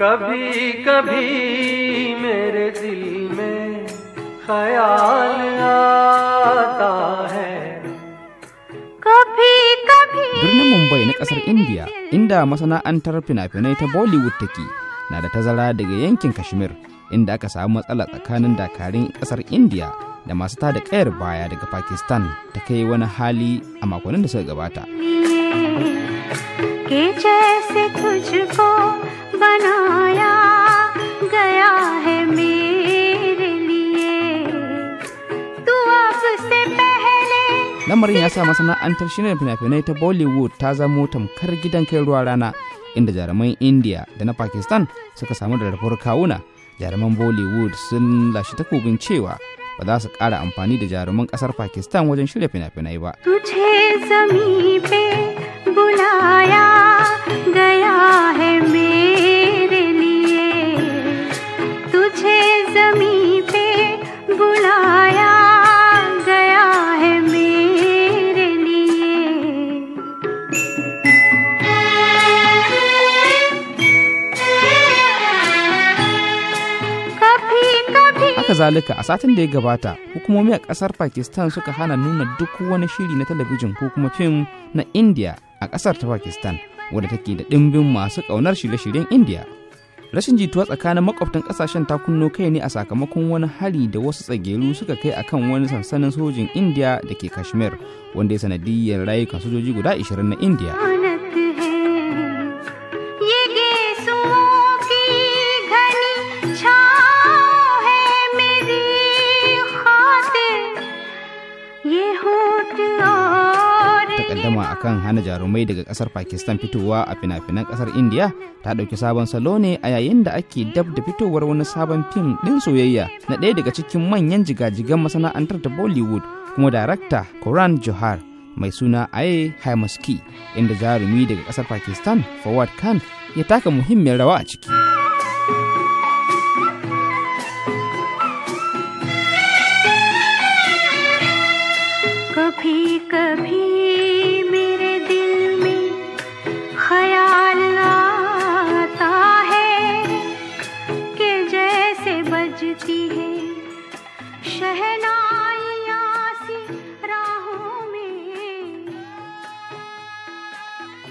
कभी कभी मेरे दिल में ख्याल आता है Birnin Mumbai na kasar India, inda masana'antar fina-finai ta Bollywood take, na da tazara daga yankin Kashmir, inda aka samu matsala tsakanin dakarun kasar India da masu tada kayar baya daga Pakistan ta kai wani hali a makonin da suka gabata. Hmm, बनाया गया है मेरे लिए तू पहले lamarin ya sa masana'antar shirin fina-finai ta bollywood ta zamo tamkar gidan kai ruwa rana inda jaruman india da na pakistan suka samu da rafar kawuna jaruman bollywood sun lashe takobin cewa ba za su ƙara amfani da jaruman ƙasar pakistan wajen shirya fina-finai ba. Tuce zami bulaya gaya haka zalika a satin da ya gabata hukumomi a kasar pakistan suka hana nuna duk wani shiri na talabijin ko kuma fim na india a kasar ta pakistan wadda take da ɗimbin masu ƙaunar shirye-shiryen india rashin jituwa tsakanin makwabtan kasashen ta kunno kai ne a sakamakon wani hari da wasu tsageru suka kai akan wani sansanin sojin india da ke kashmir wanda ya sanadiyyar rayukan sojoji guda 20 na india takaddama kan hana jarumai daga kasar pakistan fitowa a fina-finan kasar india ta dauki sabon salo ne a yayin da ake dab da fitowar wani sabon fim din soyayya na ɗaya daga cikin manyan jigajigan masana'antar ta bollywood kuma darakta koran johar mai suna aye haimaski inda jarumi daga kasar pakistan fawad khan ya taka muhimmiyar rawa a ciki. कभी कभी teach.